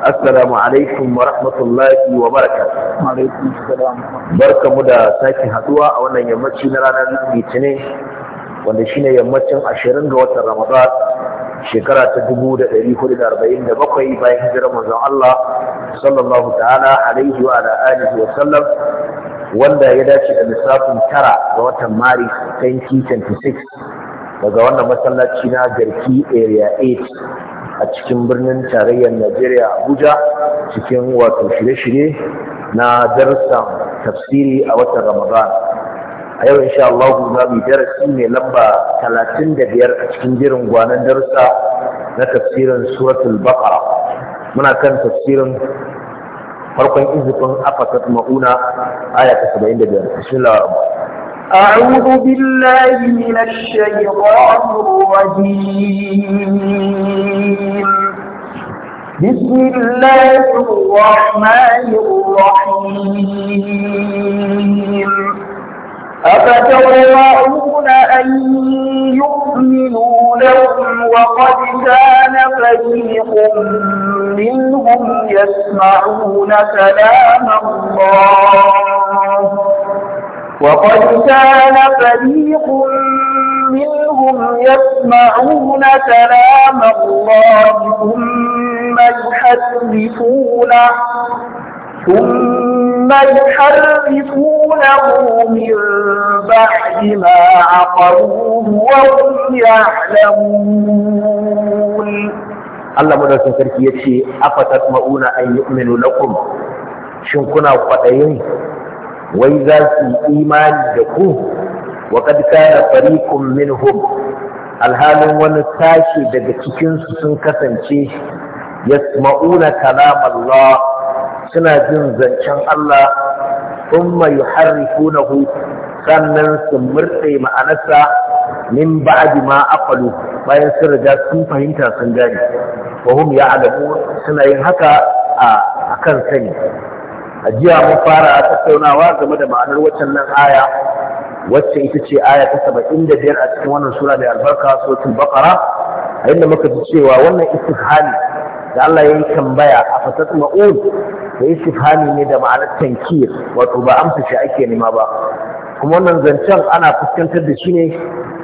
assalamu alaikum wa rahmatullahi wa barakatuh barkamu da sake haduwa a wannan yammaci na ranar litinin wanda shine yammacin ashirin ga watan ramadan shekara ta dubu da da da hudu arba'in bakwai bayan hijirar manzon Allah sallallahu ta'ala alaihi wa ala alihi wa sallam wanda ya dace da lissafin tara ga watan maris 2026 daga wannan masallaci na garki area 8 a cikin birnin tarayyar Najeriya Abuja cikin wato shirye-shirye na darsan tafsiri a watan Ramadan. A yau insha Allah za mu darasi mai lamba 35 a cikin jirin gwanan darsa na tafsirin suratul Baqara. Muna kan tafsirin farkon izifin afatat ma'una aya ta 75. Bismillah أعوذ بالله من الشيطان الرجيم بسم الله الرحمن الرحيم أفتطمعون أن يؤمنوا لهم وقد كان فريق منهم يسمعون كلام الله وقد كان فريق منهم يسمعون كلام الله ثم يحرفونه ثم يحرفونه من بعد ما عقروه وهم يعلمون الله مدرسة تركي يتشي أفتتمعون أن يؤمنوا لكم شن كنا أيه wai za su yi imani da ku wa kad kana fariqun minhum alhalin wani sashi daga cikinsu sun kasance yasma'una kalam Allah suna jin zancen Allah thumma yuharrifunahu sannan su murɗe ma'anarsa min ba'di ma aqalu bayan sun riga sun fahimta sun gane wa hum ya'lamun suna yin haka a kan sani ajiya mun fara tattaunawa game da ma'anar waccan nan aya wacce ita ce aya ta saba'in da biyar a cikin wannan sura mai albarka suratul bakara a inda muka ji cewa wannan istifhami da Allah ya yi tambaya a fasat ma'ud da istifhami ne da ma'anar tankir wato ba amsa shi ake nema ba kuma wannan zancen ana fuskantar da shi ne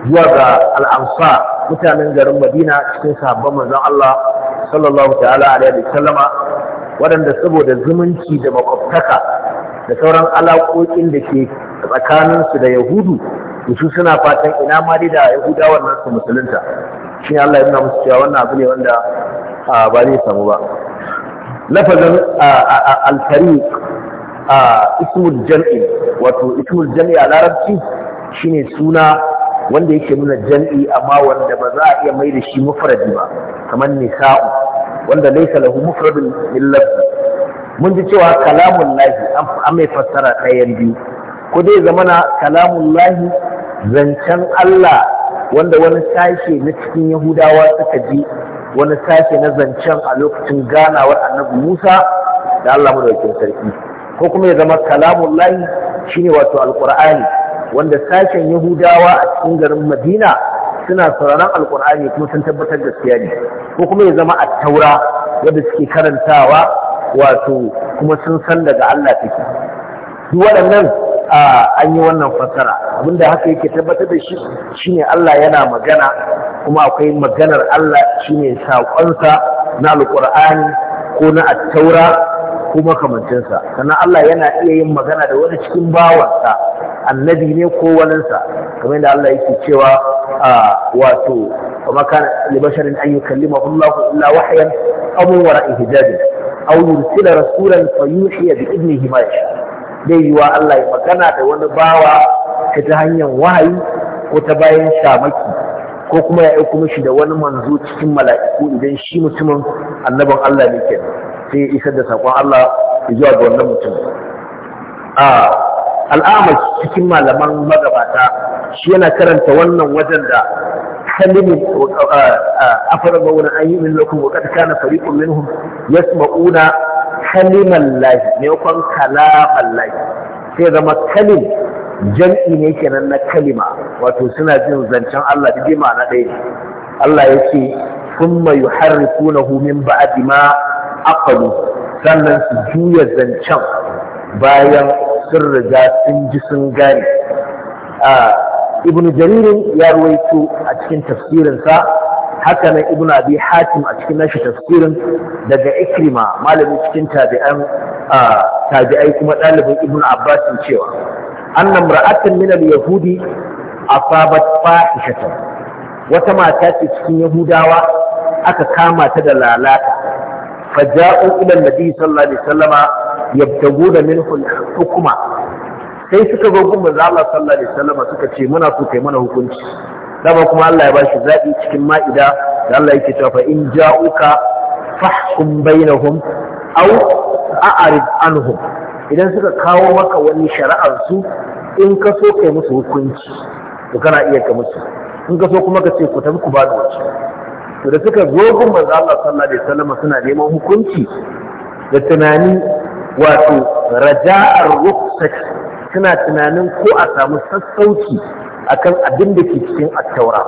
zuwa ga al'amsa mutanen garin madina cikin sahabban manzon Allah sallallahu ta'ala alaihi wa sallama waɗanda saboda zumunci da makwabtaka da sauran alaƙoƙin da ke tsakaninsu da yahudu su suna fatan ina ma da yahudawan nan su musulunta shi Allah ya nuna musu cewa wannan abu ne wanda ba zai samu ba lafazin alfari ismul jam'i wato ismul jam'i a larabci shine suna wanda yake nuna jam'i amma wanda ba za a iya mai da shi mufradi ba kamar nisa'u wanda laysa lahu mufradun illa mun ji cewa kalamun lahi an mai fassara ta biyu ko dai zamana kalamun lahi zancen Allah wanda wani sashe na cikin Yahudawa suka ji wani sashe na zancen a lokacin ganawar annabi Musa da Allah madaukakin sarki ko kuma ya zama kalamun lahi shine wato alqur'ani wanda sashen yahudawa a cikin garin madina suna sauraron alkur'ani kuma sun tabbatar da ne ko kuma ya zama a taura wanda suke karantawa wato kuma sun san daga allah take duk waɗannan an yi wannan fassara abinda haka yake tabbatar da shi ne allah yana magana kuma akwai maganar allah shine saƙonsa na alkur'ani ko na attaura ko makamancinsa sannan Allah yana iya yin magana da wani cikin bawansa annabi ne ko waninsa kamar da Allah yake cewa wato kuma kana li basharin an yukallima Allah illa wahyan aw min wara'i hijab aw yursila rasulan fayuhiya bi idnihi ma yasha dai yiwa Allah ya magana da wani bawa ta hanyar wahayi ko ta bayan shamaki ko kuma ya aiko mishi da wani manzo cikin mala'iku idan shi mutumin annabin Allah ne kenan sai ya isar da saƙon Allah zuwa ga wannan mutum al'amar cikin malaman magabata shi yana karanta wannan wajen da kalimin afarar mawunan an yi min lokacin wakata kana fariƙun minhum yasma'una kaliman lahi maimakon kalaman lahi sai zama kalim jam'i ne kenan na kalima wato suna jin zancen Allah da ma'ana ɗaya Allah ya ce ثم يحرفونه من بعد aqalu sannan su juya zancen bayan sun riga sun ji sun gane ibnu jaririn ya ruwaito a cikin tafsirinsa haka nan ibnu abi hatim a cikin nashi tafsirin daga ikrima malamin cikin tabi'an tabi'ai kuma ɗalibin ibnu abbas cewa anna imra'atan min al-yahudi asabat fahishatan wata mata ce cikin yahudawa aka kama ta da lalata فجاءوا nabi النبي صلى الله عليه وسلم يبتغون منه hukuma, sai suka zo gun manzo Allah sallallahu alaihi wasallam suka ce muna so kai mana hukunci dama kuma Allah ya bashi zabi cikin ma'ida da Allah yake cewa fa in ja'uka fahkum bainahum aw a'rid anhum idan suka kawo maka wani shari'ar su in ka so kai musu hukunci to kana iya ka musu in ka so kuma ka ce ku tafi ku ba da wuce da suka zo gun manzo Allah sallallahu alaihi wasallam suna neman hukunci da tunani wato raja'ar rukhsati suna tunanin ko a samu sassauci akan abin da ke cikin at-taura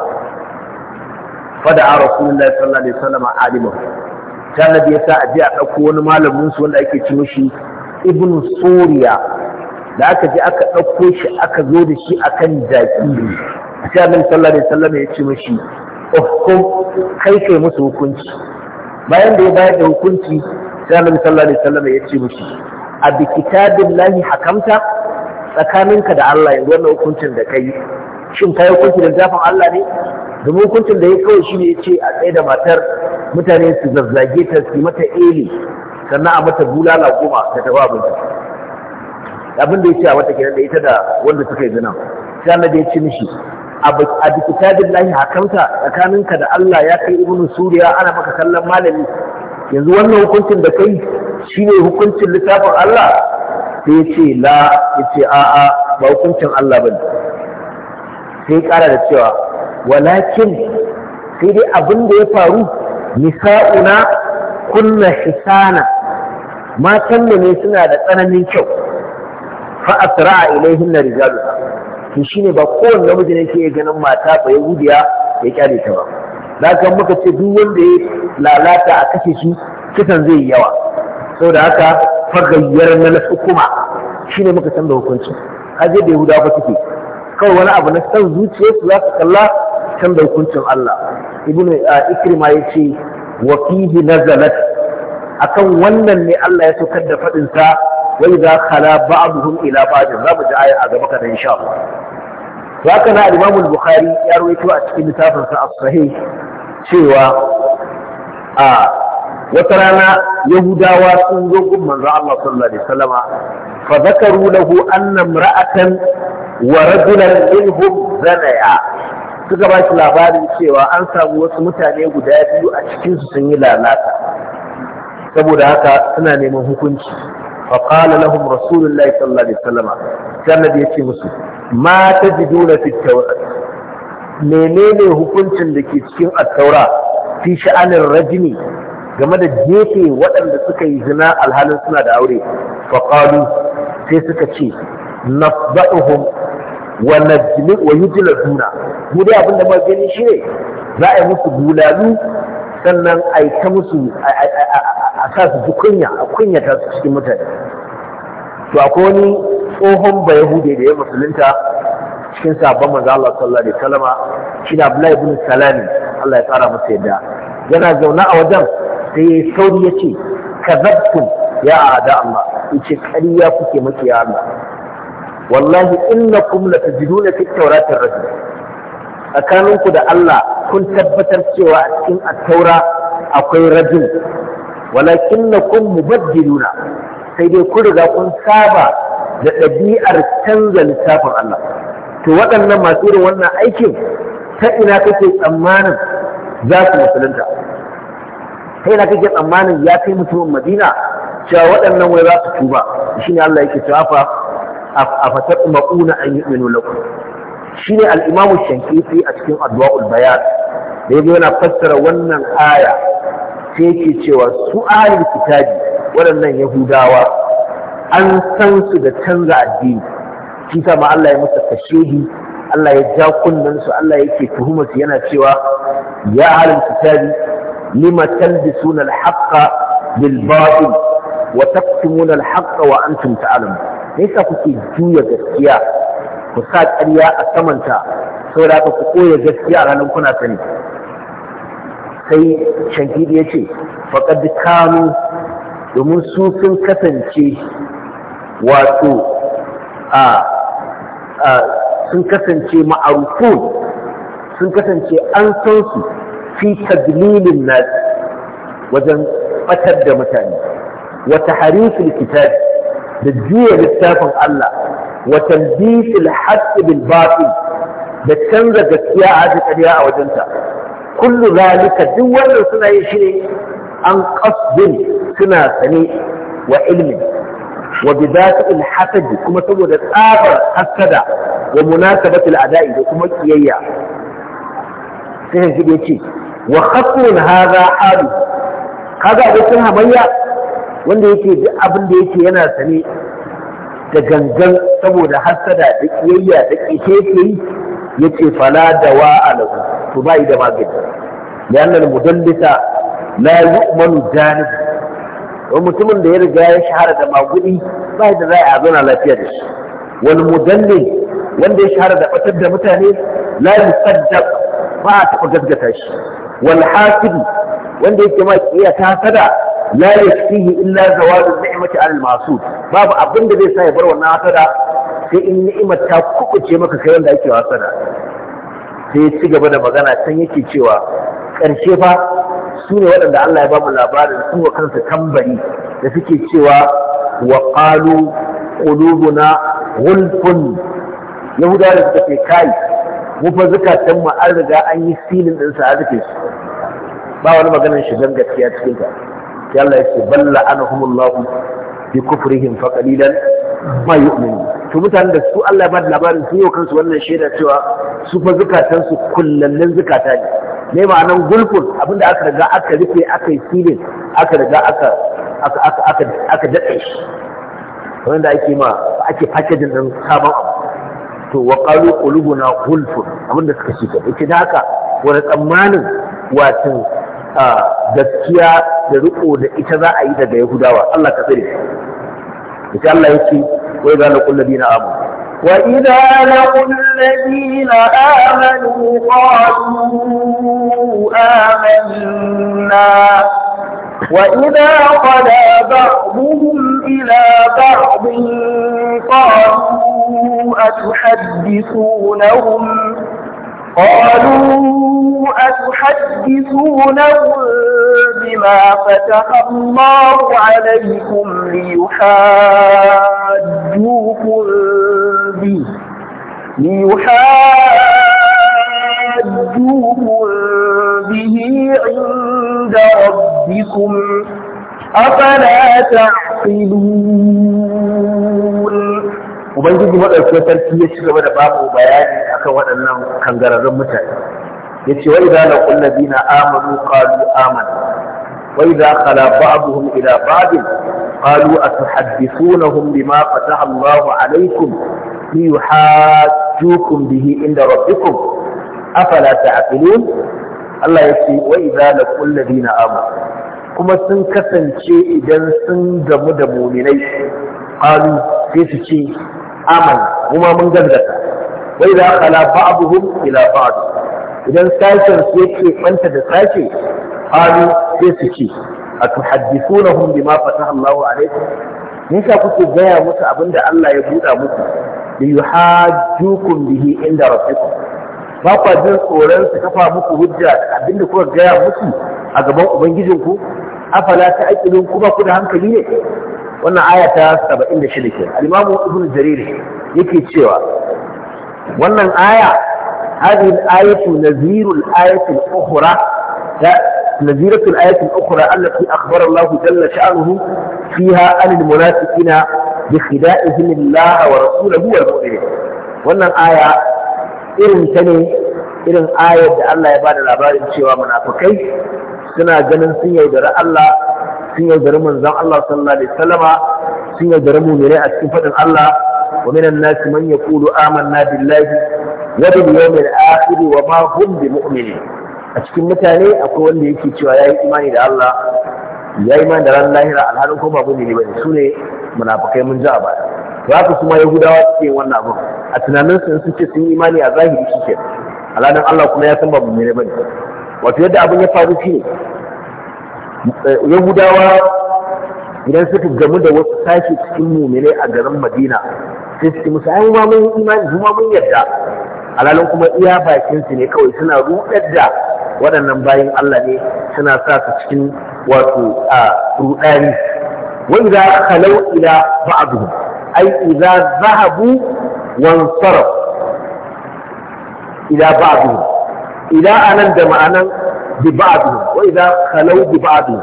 fada a rasulullahi sallallahu alaihi wasallam alimu tanabi yasa a ji a dauko wani malamin su wanda ake ci shi ibnu suriya da aka je aka dauko shi aka zo da shi akan jaki sai annabi sallallahu alaihi wasallam ya ci mishi uhkum kai kai musu hukunci bayan da ya bayar da hukunci sai annabi sallallahu alaihi wasallam ya ce mushi a bi kitabillahi hakamta tsakaninka da Allah yanzu wannan hukuncin da kai shin kai hukunci da zafin Allah ne domin hukuncin da ya kawai shine ya ce a tsaye da matar mutane su zazzage ta su mata eli sannan a mata bulala goma ta tafi abinci abin da ya ce a mata kenan da ita da wanda suka yi zina sai annabi ya ce mishi a bi lahi hakanta tsakaninka da Allah ya kai ibnu suriya ana maka kallon malami yanzu wannan hukuncin da kai shine hukuncin littafin Allah sai ya ce la ya ce a'a ba hukuncin Allah bane sai kara da cewa walakin sai dai abin da ya faru nisa'una kunna hisana matan da ne suna da tsananin kyau fa asra'a ilaihin rijaluha to ne ba kowane namiji ne ke ganin mata ba ya gudiya ya kyale ta ba da ka muka ce duk wanda ya lalata a kashe shi kisan zai yi yawa saboda haka fagayyar na na hukuma shine muka san da hukunci kaje da yahuda ba suke kawai wani abu na san su za su kalla canza hukuncin Allah ibnu ikrima ce wa fihi nazalat akan wannan ne Allah ya saukar da fadin sa wai za kala ba'aduhum ila ba'din za mu ji aya a gaba ka dan insha Allah na al bukhari ya rawaito a cikin littafinsa a as cewa a wata rana Yahudawa sun zo gun manzo Allah sallallahu alaihi wasallama fa zakaru lahu anna imra'atan wa rajulan minhum zanaya suka ba shi labarin cewa an samu wasu mutane guda biyu a cikinsu sun yi lalata saboda haka suna neman hukunci فقال لهم رسول الله صلى الله عليه وسلم كان الذي يتي مسلم ما تجدون في التوراة menene hukuncin da ke cikin attaura fi sha'anin rajimi game da jefe waɗanda suka yi zina alhalin suna da aure faƙalu sai suka ce na ba'uhum wa najmi wa yujla duna mu dai abin da gani shine za a yi musu bulalu sannan a yi ta musu a sa su kunya a kunya ta su cikin mutane to akwai wani tsohon ba yahudi da ya musulunta cikin sabon manzo Allah sallallahu alaihi shi shine Abdullahi ibn Salami Allah ya tsara masa yadda yana zaune a wajen sai ya sauri ya ce kazabtum ya ada Allah yace Ya kuke maki ya Allah wallahi innakum na fi tawratir rajul tsakaninku da Allah kun tabbatar cewa a cikin attaura akwai rajin walakin na kun mubaddiluna sai dai kun riga kun saba da ɗabi'ar canza littafin Allah to waɗannan masu irin wannan aikin ta ina kake tsammanin za su musulunta ta ina kake tsammanin ya kai mutumin Madina cewa waɗannan wai za su tuba shine Allah yake cewa fa a fatar maquna an yu'minu lakum shine al-imamu a cikin adwa'ul bayan da yazo yana fassara wannan aya sai ke cewa su ahalin kitabi waɗannan yahudawa an san su da canza addini shi ma Allah ya masa kashehi Allah ya ja kunnen su Allah yake tuhumar su yana cewa ya ahlul kitabi lima talbisuna al-haqqa bil batil wa taqtumuna al-haqqa wa antum ta'lamun me yasa kuke juya gaskiya ku sa ƙarya a samanta saboda haka ku koya gaskiya a ranar kuna sani sai shankidi ya ce faƙad kanu domin su sun kasance wato a sun kasance sun kasance an san su fi tadlilin wajen batar da mutane wata harifin da juya littafin Allah wa talbisil haqq bil batil da canza gaskiya a da a wajenta kullu zalika duk wannan suna yin shi ne an qasdin suna sane wa ilmin wa bidati'il hasadi kuma saboda tsabar hasada wa munasabatil ada'i da kuma kiyayya sai shi ya wa khasrun hadha adu. kaga abokin hamayya wanda yake duk abin da yake yana sane da gangan saboda hasada da kiyayya da kishefi yace fala dawa alahu to bai da magani lannan mudallisa la yu'manu janib wa mutumin da ya riga ya shahara da magudi bai da za a zauna lafiya da shi wal mudallil wanda ya shahara da batar da mutane la yusaddaq ba a taɓa gaskata shi wal hasidi wanda yake ma kiyaya ta hasada la yakfihi illa zawadu ni'mati al masud babu abin da zai sa ya bar wannan hasada sai in ni'imar ta kukuce maka kai wanda ake hasada sai ya ci gaba da magana can yake cewa ƙarshe fa su ne waɗanda Allah ya bamu labarin su kansa tambari da suke cewa wa qalu qulubuna gulfun yahudawa da suka ce kai mu fa zukatan mu an riga an yi silin din sa a su ba wani maganar shigan gaskiya cikin ta sai Allah yake balla anahumullahu bi kufrihim fa qalilan ma yu'minu to mutanen da su Allah ya bada labarin su yau kansu wannan shaida cewa su fa zukatan su kullallen zukata ne me ma'anan gulfun abinda aka riga aka rufe aka yi filin aka riga aka aka aka aka aka dade shi wanda ake ma ake packaging din sabon abu to wa qalu qulubuna gulfun abinda suka ce ke da haka wani tsammanin wato gaskiya da riko da ita za a yi daga yahudawa Allah ka tsare shi insha Allah yake wai za laqul ladina amanu wa idza laqul ladina amanu qalu amanna وإذا خلا بعضهم إلى بعض قالوا أتحدثونهم قالوا أتحدثونهم بما فتح الله عليكم ليحاجوكم به ليحاجوكم به عند ربكم أفلا تعقلون Ubangiji maɗauki sarki ya ci gaba da babu bayani akan waɗannan kangararrun mutane yace wa idza laqul ladina amanu qalu amanna wa idza khala ba'dhum ila ba'd qalu atuhaddithunahum bima fataha Allahu alaykum liyuhajjukum bihi inda rabbikum afala ta'qilun Allah yace wa idza laqul na amanu kuma sun kasance idan sun gamu da muminai Kalu sai su ce aman kuma mun gaggata wai za kala ba'abuhum ila ba'd idan sashen su yake manta da sashe halu sai su ce a tuhaddithunahum bima fataha Allahu alaikum me yasa kuke gaya musu abinda Allah ya buɗa muku li yuhajjukum bihi inda rabbikum ba kwa jin tsoron su kafa muku hujja da abinda kuka gaya musu a gaban ubangijinku afala ta aqilun kuma ku da hankali ne wannan aya ta 76 ke al-imamu ibnu jarir yake cewa wannan aya hadhihi al-ayatu nazirul ayati al-ukhra نذيرة الآية الأخرى التي أخبر الله جل شأنه فيها عن المنافقين بخدائهم الله ورسوله والمؤمنين wannan aya irin ta ne irin ayar da Allah ya bada labarin cewa munafikai suna ganin sun yaudari Allah sun yaudari manzon Allah sallallahu alaihi wasallama sun yaudari mu'mini a cikin fadin Allah ومن الناس من يقول آمنا بالله وباليوم الآخر وما هم بمؤمنين أشكي متاني أقول لي كي تشوى يا إيماني ده الله يا إيمان ده الله لا الحال كم أبوني لبني من أبقي من جابا وهذا سما يهودا وتكين وانا أبو أتنامن سنسكي سن إيماني أزاهي بشيكي على أن الله كما يسمى بمي لبني وتيدا أبو يفعل فيه يهودا idan suka gamu da wasu sashi cikin muminai a garin madina sai suke musu ai ma mun imani mu ma mun yarda alalin kuma iya bakin su ne kawai suna rudar da waɗannan bayan Allah ne suna sa su cikin wato a rudani wa idza khalau ila ba'dhum ai idza zahabu wan sarf ila ba'dhum ila anan da ma'anan bi ba'dhum wa idza khalau bi ba'dhum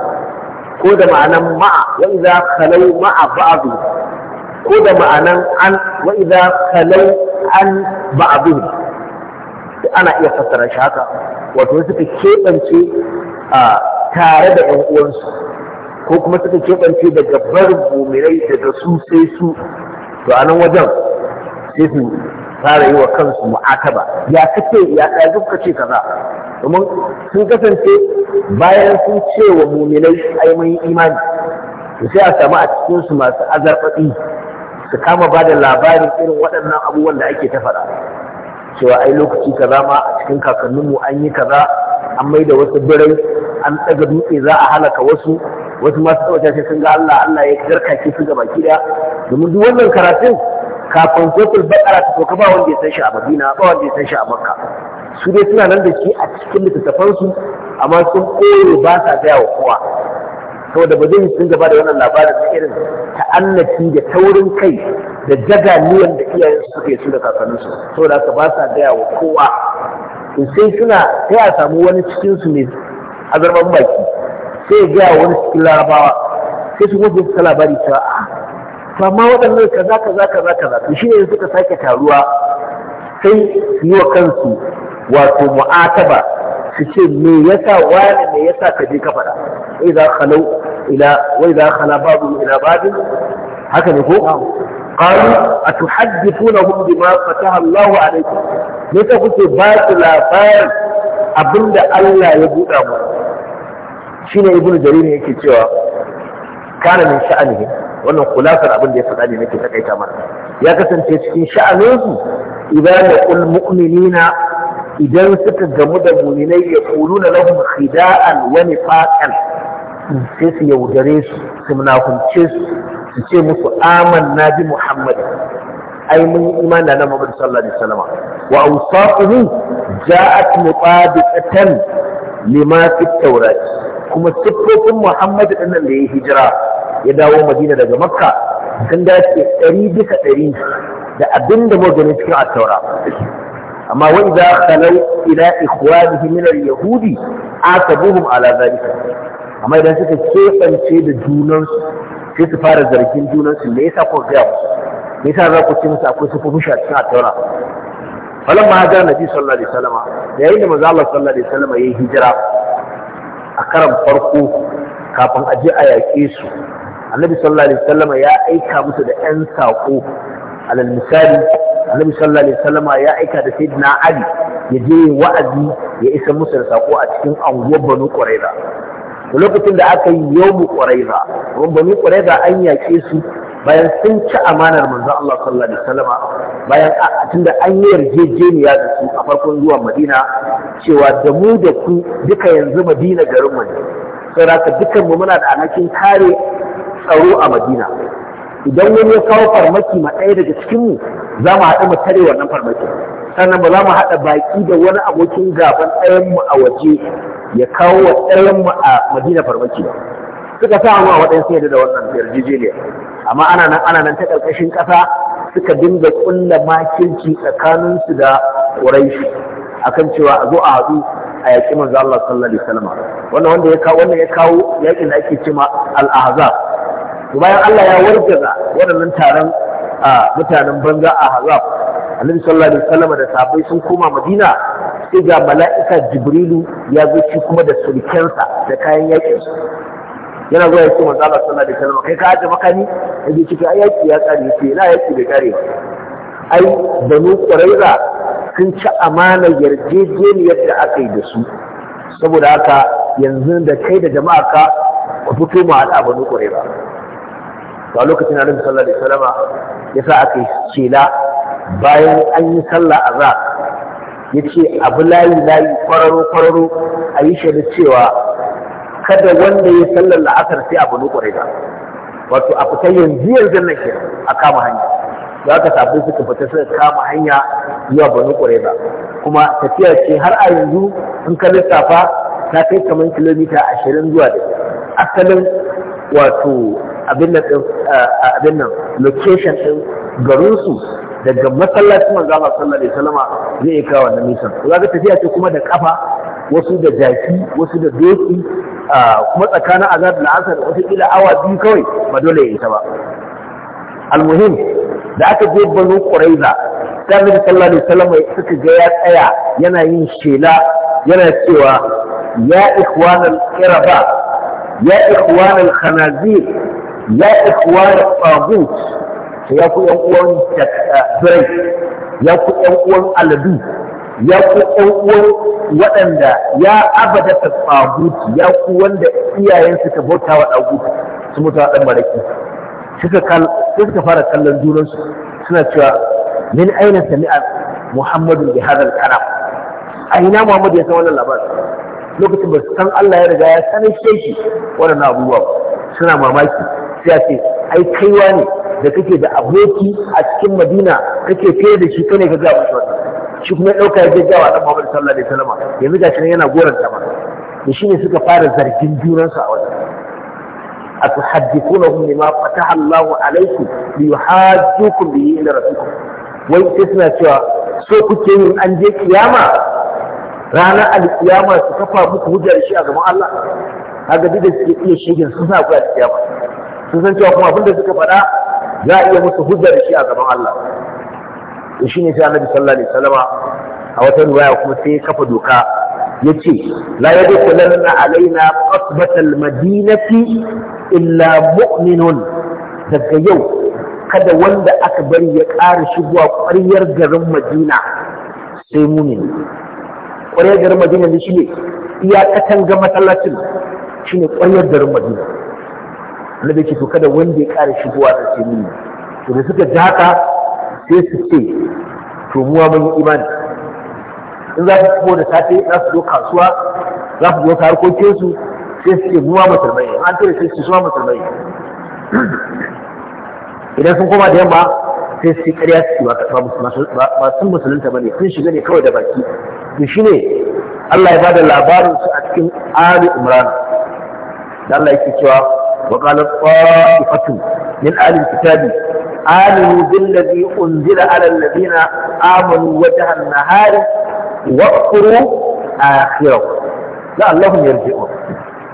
ko da ma'anan ma'a wa idza khalau ma'a ba'du ko da ma'anan an wa khalau an ba'du ana iya fassara shi haka wato suka keɓance a tare da ƴan uwansu ko kuma suka keɓance daga barin mumirai daga su sai su to a nan wajen sai su fara yi wa kansu mu'ataba ya kace ya ɗazu ka ce kaza domin sun kasance bayan sun ce wa muminai ai mun imani to sai a samu a cikin su masu azarbaɗi su kama ba da labarin irin waɗannan abubuwan da ake ta faɗa cewa ai lokaci kaza ma a cikin kakanninmu an yi kaza an mai da wasu birai an ɗaga dutse za a halaka wasu wasu masu tsawata sai sun ga Allah Allah ya garkake su gaba ki domin duk wannan karatun kafin suratul bakara ta soka ba wanda ya san shi a Madina ba wanda ya san shi a Makka su dai suna nan da shi a cikin littattafansu su amma sun koyo ba sa gaya wa kowa saboda ba zai sun gaba da wannan labarin irin ta'annaci da taurin kai da niyan da iyayen su suke su da kakanninsu su saboda haka ba sa gaya wa kowa to sai suna sai a samu wani cikin su ne azarban baki sai ya gaya wani cikin larabawa sai su mutu labari cewa a ah, amma waɗannan kaza kaza kaza kaza to shi ne suka sake taruwa sai su yi wa kansu wato mu'ataba su ce me yasa wani me yasa ka je ka faɗa wai za khalau ila wai za khala babu ila babu haka ne ko قالوا أتحدثونهم بما فتح الله عليكم ليس كنت باك لا labarin abinda Allah ya buɗa mu shine ibnu jarir yake cewa kana min sha'anihi wannan kulasar abin da ya faɗa ne nake takaita mana ya kasance cikin sha'aninsu idan kul mu'minina idan suka gamu da mu'minai ya kulu na lahum khida'an wa nifaqan sai su yaudare su su munafunce su su ce musu amanna bi muhammad ai mun imani da Muhammad sallallahu alaihi wasallam wa awsaquhu ja'at mutabiqatan lima fi tawrat kuma siffofin Muhammad din nan da ya hijira ya dawo madina daga makka sun dace ɗari bisa ɗari da abin da muka gani cikin attaura amma wai za a kalau ila ikhwanihi min al-yahudi asabuhum ala zalika amma idan suka keɓance da junansu sai su fara zargin junansu me yasa ku ga me yasa za ku ci musu akwai su fushi a cikin attaura falan ma ga nabi sallallahu alaihi wasallam da yayin da manzo Allah sallallahu alaihi wasallam yayi hijira a karan farko kafin aje a yaƙe su annabi sallallahu alaihi wasallam ya aika musu da ƴan saƙo alal misali annabi sallallahu alaihi wasallam ya aika da sayyidina ali ya je wa'azi ya isa musu da saƙo a cikin anguwar banu quraiza to lokacin da aka yi yawmu quraiza ruwan banu quraiza an yaƙe su bayan sun ci amanar manzo Allah sallallahu alaihi wasallam bayan tunda an yi yarjejeniya da su a farkon zuwa Madina cewa da mu da ku duka yanzu Madina garin mu ne saboda dukan mu muna da alhakin kare tsaro a madina idan wani ya kawo farmaki ma ɗaya daga cikinmu za mu haɗu mu tare wannan farmaki, sannan ba za mu haɗa baƙi da wani abokin gaban ɗayanmu a waje ya kawo wa ɗayanmu a madina farmaki ba suka sa mu a waɗansu yadda da wannan yarjejeniya amma ana nan ana nan ta ƙarƙashin ƙasa suka dinga ƙulla makirci tsakaninsu da ƙuraishi akan cewa a zo a haɗu a yaƙi manzo Allah sallallahu alaihi wasallam wannan wanda ya kawo wannan ya kawo yaƙin da ake cewa al-ahzab to bayan Allah ya wargaza waɗannan taron a mutanen banza a Hazab Annabi sallallahu alaihi wasallam da sahabbai sun koma Madina sai ga mala'ika Jibrilu ya zo shi kuma da sulkensa da kayan yakin yana zuwa ya ce manzo Allah sallallahu alaihi wasallam kai ka aje makami yaje cikin yaki ya kare shi, la yaki bai kare ai banu quraiza sun ci amana yarjejeniyar da aka yi da su saboda haka yanzu da kai da jama'a ka ku fito mu al'abanu banu quraiza to a lokacin annabi sallallahu alaihi wasallama yasa aka yi shela bayan an yi sallah azza yace abu layi layi kwararo kwararo a yi shela cewa kada wanda ya sallar la'asar sai abu nukure ba, wato a fita yanzu yanzu nan ke a kama hanya za ka sabu suka fita suka kama hanya zuwa banu ba. kuma tafiya ce har a yanzu in ka lissafa ta kai kamar kilomita ashirin zuwa da asalin wato abin nan location din garinsu, daga masallacin manzo Allah sallallahu alaihi wasallama zai kawo wannan nisan kaga tafiya ce kuma da kafa wasu da jaki wasu da doki kuma tsakanin azab da asar watakila awa biyu kawai ba dole ya isa ba almuhim da aka je banu ƙuraiza ta nabi sallallahu alaihi wasallam suka ga ya tsaya yana yin shela yana cewa ya ikhwanal qiraba ya ikhwanal khanazir ya ikuwa da tsagu ya ku yan uwan birai ya ku yan uwan aladu ya ku yan uwan waɗanda ya abada ta tsaguti ya ku wanda iyayen suka bauta wa tsaguti su mutu a ɗan maraki suka fara kallon junansu suna cewa min aina sami'a muhammadu bi hadal kalam a ina muhammadu ya san wannan labarin lokacin ba su san Allah ya riga ya sanar shi waɗannan abubuwa suna mamaki sai ce ai kaiwa ne da kake da aboki a cikin madina kake fiye da shi kane ka gaya musu wannan shi kuma ya ɗauka ya jajjawa ɗan Muhammad sallallahu alaihi wasallam yanzu shi nan yana goranta ma da shi ne suka fara zargin junansu a wajen atuhaddithunahu lima fataha Allahu alaikum liyuhajjukum bihi ila rabbikum wai sai suna cewa so kuke yin an je kiyama ranar alkiyama su kafa muku hujjar shi a gaban Allah kaga duk da suke iya shegin su sa a kiyama sun san cewa kuma abinda suka faɗa za a iya musu hujja da shi a gaban Allah to shine sai Annabi sallallahu alaihi wasallama a wata riwaya kuma sai ya kafa doka yace la yadkhulanna alaina qasbatal madinati illa mu'minun daga yau kada wanda aka bari ya ƙara shigowa ƙwaryar garin Madina sai mumin ƙwaryar garin Madina ne shine iyakatan ga masallacin shine ƙwaryar garin Madina annabi ce to kada wanda ya ƙara shigowa ta ce mini. to da suka ji haka sai su ce to muwa mun yi imani in za su shigo da safe za su zo kasuwa za su zo harkokin su sai su ce muwa musulmai an tare sai su suwa musulmai idan sun koma da yamma sai su ƙarya su ba masu musulunta ba ne sun shiga ne kawai da baki to shine Allah ya bada labarin su a cikin Ali Imran da Allah yake cewa wa qala ta'ifatu min ahli kitabi aminu billazi unzila ala alladhina amanu wajha an-nahari wa quru akhirahu la allahum yarji'un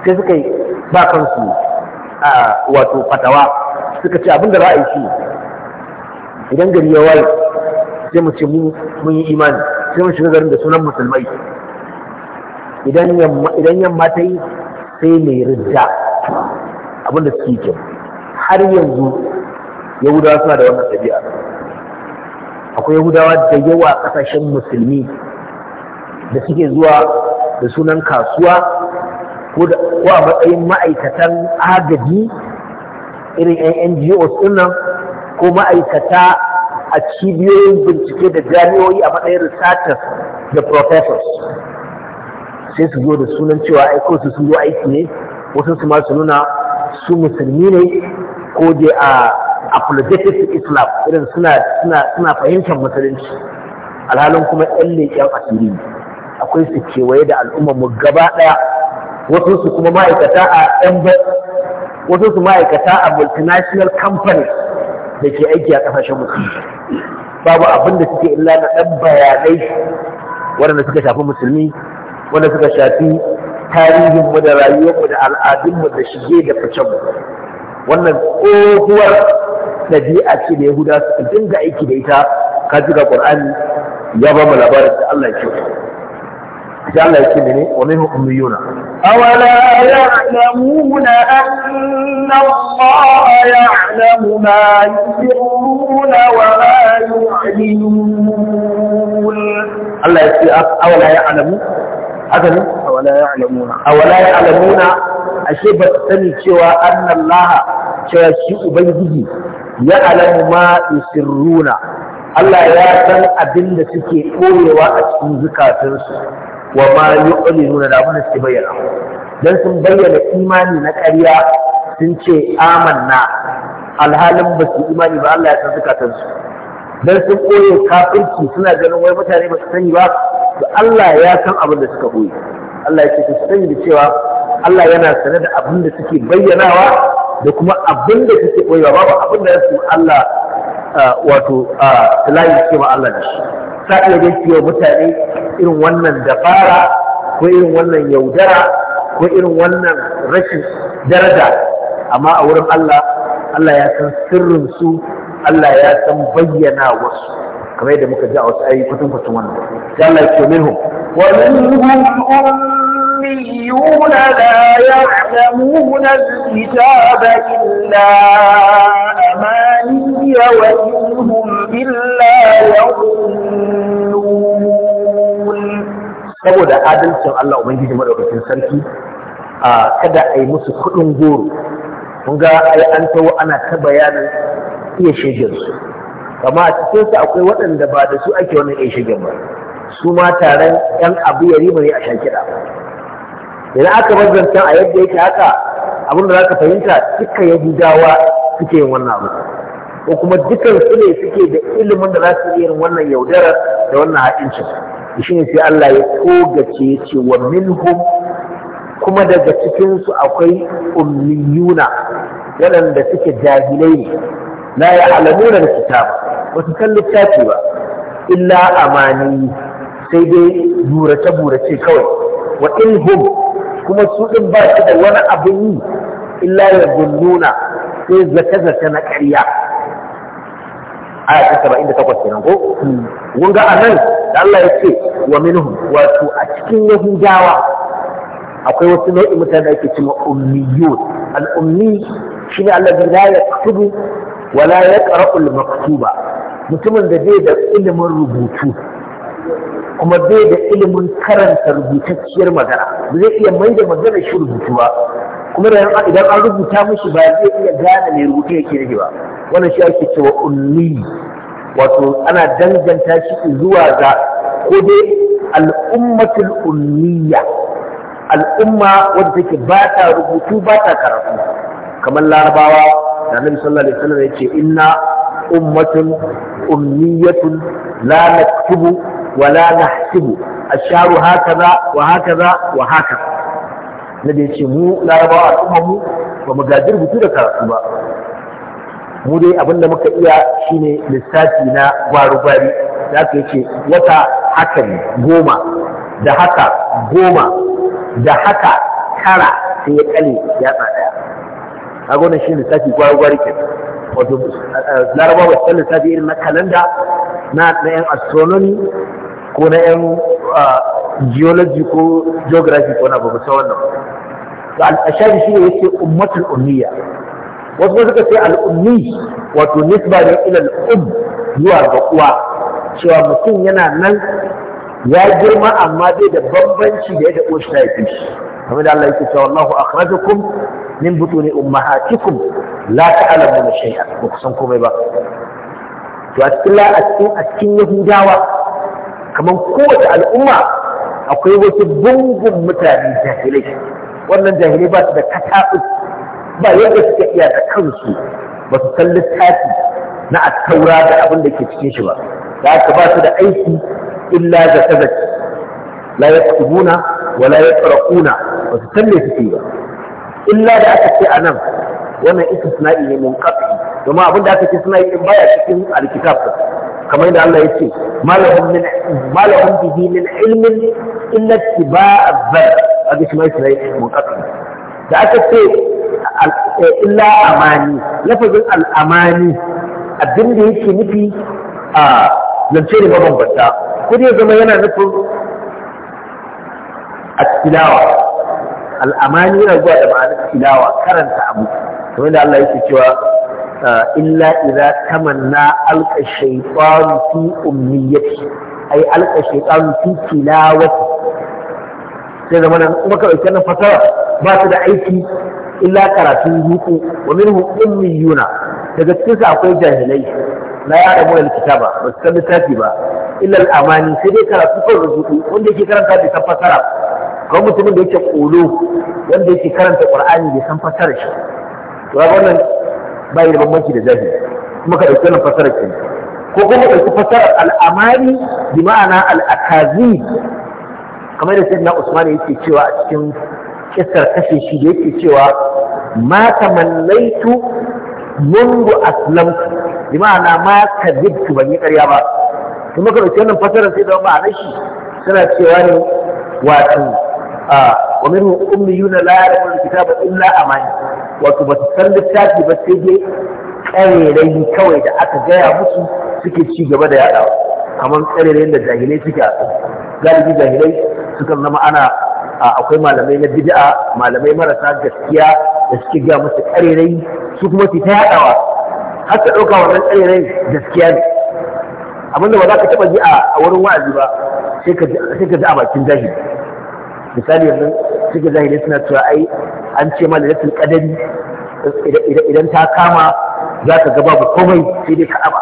sai suka yi ba kansu wato fatawa suka ce abinda za a yi shi idan gari ya waye sai mu ce mu mun yi imani sai mu shiga garin da sunan musulmai idan yamma ta yi sai mai ridda abinda suke kyau har yanzu yahudawa suna da wannan ɗabi'a akwai yahudawa da yawa a ƙasashen musulmi da suke zuwa da sunan kasuwa ko a matsayin ma'aikatan agaji irin 'yan ngo ɗinnan ko ma'aikata a cibiyoyin bincike da jami'oyi, a matsayin researchers da professors sai su zo da sunan cewa aiko su sun zo aiki ne wasu su ma su nuna su musulmi ne ko dai a apologetic islam irin suna suna fahimtar musulunci alhalin kuma yan leƙen asiri akwai su kewaye da al'ummar mu gaba ɗaya wasu su kuma ma'aikata a yan wasu su ma'aikata a multinational company da ke aiki a ƙasashen musulmi babu abinda suke illa na ɗan bayanai waɗanda suka shafi musulmi wanda suka shafi tarihinmu da rayuwarmu da al'adunmu da shige da ficenmu wannan tsohuwar ɗabi'a ce da yahuda suka dinga aiki da ita ka ji ga qur'ani ya ba mu labarin da Allah ya ce Allah ya ce ne wa minhum ummiyuna awala ya'lamuna anna Allah ya'lamu ma yusirruna wa ma yu'linun Allah ya ce awala ya'lamu haka ne awala ashe ba sani cewa annallaha cewa shi ubangiji ya alamu ma yusirruna Allah ya san abin da suke koyewa a cikin zukatunsu wa ma yu'linuna da abin da suke bayyana Don sun bayyana imani na ƙarya sun ce amanna alhalin ba su imani ba Allah ya san zukatunsu. Don sun koye kafirci suna ganin wai mutane ba su sani ba to Allah ya san abin da suka boye Allah yake ku sani da cewa Allah yana sane da abin da suke bayyanawa da kuma abin da suke boyewa babu abin da su Allah wato tilayi ce ma Allah da shi sa iya gaskiya mutane irin wannan dabara ko irin wannan yaudara ko irin wannan rashin daraja amma a wurin Allah Allah ya san sirrin su Allah ya san bayyana wasu kamar yadda muka ji a wasu ayi kutun kutun wannan sai Allah ya ce minhum wa minhum ummiyuna la ya'lamuna al-kitaba illa amaniya wa innahum illa yaqulun saboda adalcin Allah ubangiji madaukakin sarki kada a yi musu kudin goro kun ga ai an tawo ana ta bayanin iya shegensu kama a cikinsu akwai waɗanda ba da su ake wannan yan shigen ba su ma taron yan abu ya rima ne a sha kiɗa idan aka bazantan a yadda yake haka abin da za ka fahimta duka yahudawa suke yin wannan abu ko kuma dukan su ne suke da ilimin da za su iya yin wannan yaudarar da wannan haɗin haɗincin shi ne sai Allah ya kogace ya ce wa minhum kuma daga cikinsu akwai ummiyuna waɗanda suke jahilai ne la ya'lamuna al-kitab ba su san littafi ba illa amani sai dai burace burace kawai wa hum kuma su din ba su da wani abin yi illa yazunnuna sai zaka zaka na ƙarya aya ta 78 kenan ko kun ga anan da Allah ya ce wa wato a cikin yahudawa akwai wasu nau'in mutane da ake Al'ummi shine allazi la yaktubu wala ya ƙara'ul maktuba mutumin da bai da ilimin rubutu kuma bai da ilimin karanta rubutacciyar magana ba zai iya mai da magana shi rubutu ba kuma idan an rubuta mishi ba zai iya gane mai rubutu yake rage ba wannan shi ake cewa ummi wato ana danganta shi zuwa ga ko dai al'ummatul ummiya al'umma wadda take ba ta rubutu ba ta karatu kamar larabawa da annabi sallallahu alaihi wasallam yace inna ummatun ummiyatun la naktubu wa la nahsibu asharu hakaza wa hakaza wa hakaza nabi yace mu a al'ummar mu ba mu gaji rubutu da karatu ba mu dai abinda muka iya shine lissafi na gwari-gwari da aka yace wata haka goma da haka goma da haka tara sai ya kale ya tsada kaga wannan shi lissafi gwari-gwari ke wato laraba wasu san lissafi irin na kalanda na na yan astronomy ko na yan geology ko geography ko na ba musa wannan to al-ashari shi ne yake ummatul ummiya wasu suka ce al'ummi, wato nisba ne ila al-um zuwa ga uwa cewa mutum yana nan ya girma amma bai da bambanci da yadda uwa shi ta haife shi kamar da Allah yake cewa Allahu akhrajakum min butuni ummahatikum la ta'lamuna shay'an ba ku san komai ba to a cikin a cikin a cikin Yahudawa kamar kowace al'umma akwai wasu bungun mutane jahilai wannan jahilai ba su da katabu ba yadda suka iya da kansu ba su san littafi na attaura da abin da ke cikin shi ba Za ka ba su da aiki illa da tazaki la yaktubuna wa la yaqra'una ba su san me suke ba illa da aka ce anan wannan istisna'i ne munqati domin abin da aka ce suna yin cikin alkitab kamar Allah ya ce malahum min malahum bihi min ilmin illa tiba'a dhar abi shi mai sai munqati da aka ce illa amani lafazin al'amani abin da nufi a zance zama yana nufin at-tilawa al yana zuwa da ma'anar tilawa karanta abu kamar da Allah yake cewa ah, illa idza tamanna alqa shaytan fi umniyati ai alqa shaytan fi tilawati sai zama nan kuma kawai kana fasara ba su da aiki illa karatun zuku wa minhu ummiyuna daga cikin akwai jahilai la ya da kitaba ba su san littafi ba Illa amani sai dai karatu kan rubutu wanda yake karanta bai san fasara ko mutumin da yake kolo wanda yake karanta qur'ani bai san fasara shi to ga wannan bai da bambanci da jahili kuma ka dauki wannan fasara ke ko kuma ka dauki fasara al-amani bi ma'ana al-akazi kamar da sayyidina Usman yake cewa a cikin kissar kashe shi da yake cewa ma tamallaitu منذ أسلمت بمعنى ما كذبت بني قريبا to muka dauki wannan fasarar sai da ma'ana shi suna cewa ne wato wa minhu ummiyuna la ya'lamuna kitaba illa amani wato ba su san littafi ba sai dai karerai kawai da aka gaya musu suke ci gaba da yaɗawa kamar karerai da jahilai suke a galibi jahilai sukan zama ana akwai malamai na bid'a malamai marasa gaskiya da suke gaya musu karerai su kuma su ta yaɗawa har ta ɗauka wannan karerai gaskiya ne abinda ba za ka taba ji a wurin wa'azi ba sai ka ji a bakin jahili misali yanzu suke jahili suna cewa ai an ce ma lailatul kadari, idan ta kama za ka ga babu komai sai dai ka'aba